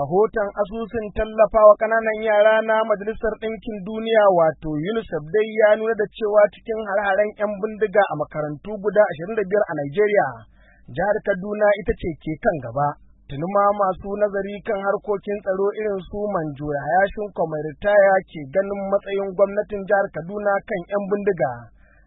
rahoton asusun tallafa wa ƙananan yara na Majalisar Ɗinkin Duniya wato UNICEF dai ya nuna da cewa cikin har-haren 'yan bindiga a makarantu guda 25 a Najeriya, jihar Kaduna ita ce ke kan gaba. Tuni ma masu nazari kan harkokin tsaro irin su Manjo Yashin ritaya ke ganin matsayin gwamnatin jihar Kaduna kan 'yan bindiga.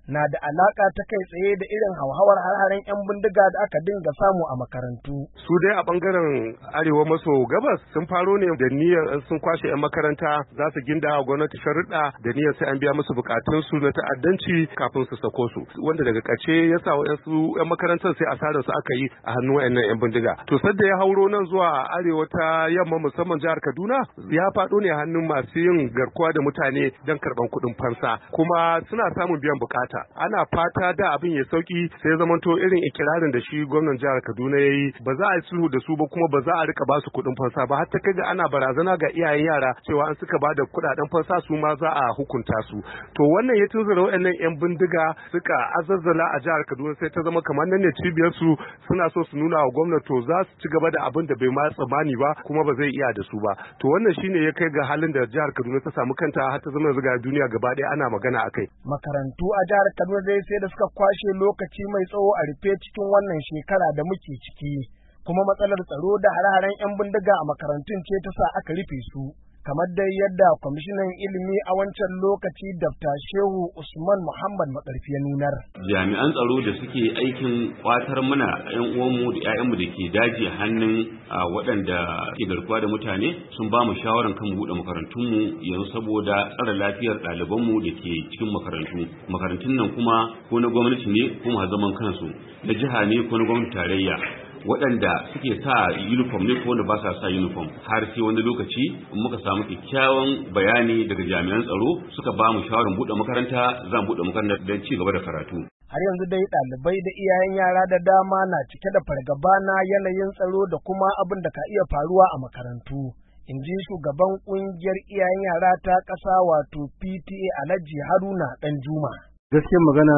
na da alaka ta kai tsaye da irin hauhawar harharan 'yan bindiga da aka dinga samu a makarantu. Su dai a bangaren arewa maso gabas sun faro ne da niyyar sun kwashe 'yan makaranta za su ginda gwamnati sharuɗa da niyyar sai an biya musu bukatunsu na ta'addanci kafin su sako su wanda daga ƙarshe ya sa wa'yansu 'yan makarantar sai asarar su aka yi a hannun wa'yannan 'yan bindiga. To da ya hauro nan zuwa arewa ta yamma musamman jihar Kaduna ya faɗo ne a hannun masu yin garkuwa da mutane don karɓan kuɗin fansa kuma suna samun biyan bukatu. ana fata da abin ya sauki sai zamanto irin ikirarin da shi gwamnan jihar Kaduna ya yi ba za a yi sulhu da su ba kuma ba za a rika ba su kuɗin fansa ba har ta kai ga ana barazana ga iyayen yara cewa an suka ba da kuɗaɗen fansa su ma za a hukunta su to wannan ya da waɗannan 'yan bindiga suka azazzala a jihar Kaduna sai ta zama kamar nan ne cibiyar su suna so su nuna wa gwamnati to za su ci gaba da abin da bai ma tsammani ba kuma ba zai iya da su ba to wannan shine ya kai ga halin da jihar Kaduna ta samu kanta har ta zama zuga duniya gaba ɗaya ana magana akai makarantu a jihar Kaduna dai sai da suka kwashe lokaci mai tsawo a rufe cikin wannan shekara da muke ciki, kuma matsalar tsaro da hare-haren 'yan bindiga a makarantun ce ta sa aka rufe su. kamar dai yadda kwamishinan ilimi a wancan lokaci dafta shehu usman muhammad makarfi ya nunar jami'an tsaro da suke aikin kwatar mana yan uwanmu da 'ya'yanmu da ke daji hannun a waɗanda ke garkuwa da mutane sun ba mu shawaran kan buɗe makarantunmu yanzu saboda tsara lafiyar ɗalibanmu da ke cikin makarantu makarantun nan kuma ko na gwamnati ne ko zaman kansu na jiha ne ko na gwamnati tarayya waɗanda suke sa uniform ne ko wanda ba sa sa uniform har sai wani lokaci muka samu kyakkyawan bayani daga jami'an tsaro suka ba mu shawarar buɗe makaranta zan buɗe makaranta don ci gaba da karatu har yanzu dai ɗalibai da iyayen yara da dama na cike da fargaba na yanayin tsaro da kuma abin da ka iya faruwa a makarantu in ji shugaban ƙungiyar iyayen yara ta ƙasa wato pta alhaji haruna ɗanjuma gaskiyar magana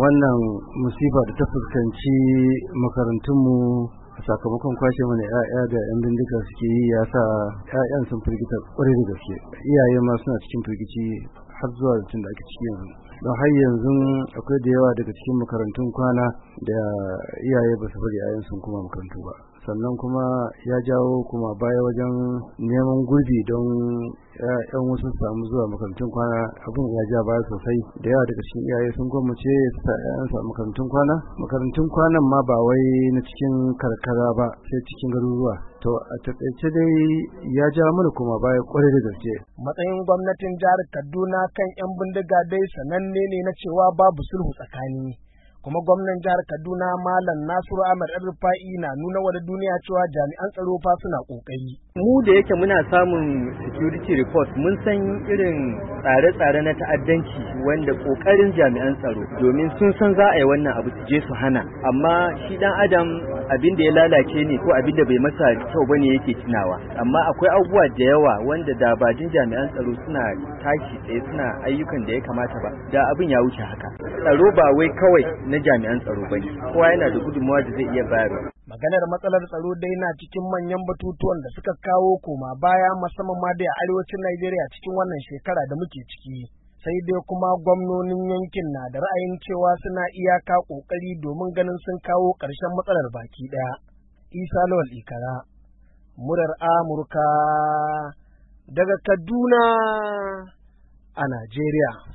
wannan musifa da ta fuskanci makarantunmu sakamakon kwashe mana ya'ya da yan bindiga suke yi ya sa ya'yan sun firgita kwarai da gaske iyaye ma suna cikin firgici har zuwa zancen da ake ciki yanzu don har yanzu akwai da yawa daga cikin makarantun kwana da iyaye ba su bari yayan sun kuma makarantu ba sannan kuma ya jawo kuma baya wajen neman gurbi don yan wasu samu zuwa makarantun kwana abin ya ja baya sosai da yawa daga cikin iyaye sun gwamnace su sa yayan su makarantun kwana makarantun kwanan ma ba wai na cikin karkara ba sai cikin garuruwa to a takaice dai ya ja mana kuma baya kwarai da gaske. Matsayin gwamnatin jihar Kaduna kan 'yan bindiga dai sananne ne na cewa babu sulhu tsakani. Kuma gwamnan jihar Kaduna Malam Nasiru Ahmad Rufa'i na nuna wa duniya cewa jami'an tsaro fa suna kokari. Mu da yake muna samun security report mun san irin tsare-tsare na ta'addanci wanda kokarin jami'an tsaro domin sun san za a yi wannan abu su je su hana amma shi dan adam abin da ya lalace ne ko abin da bai masa kyau bane yake tunawa amma akwai abubuwa da yawa wanda da bajin jami'an tsaro suna tashi tsaye suna ayyukan da ya kamata ba da abin ya wuce haka tsaro ba wai kawai na jami'an tsaro bane kowa yana da gudunmawa da zai iya bayarwa maganar matsalar tsaro dai na cikin manyan batutuwan da suka kawo koma baya musamman ma da arewacin Najeriya cikin wannan shekara da muke ciki sai dai kuma gwamnonin yankin na da ra'ayin cewa suna iyaka ƙoƙari domin ganin sun kawo ƙarshen matsalar baki ɗaya. Isa Lawal Ikara, murar Amurka daga Kaduna a Najeriya.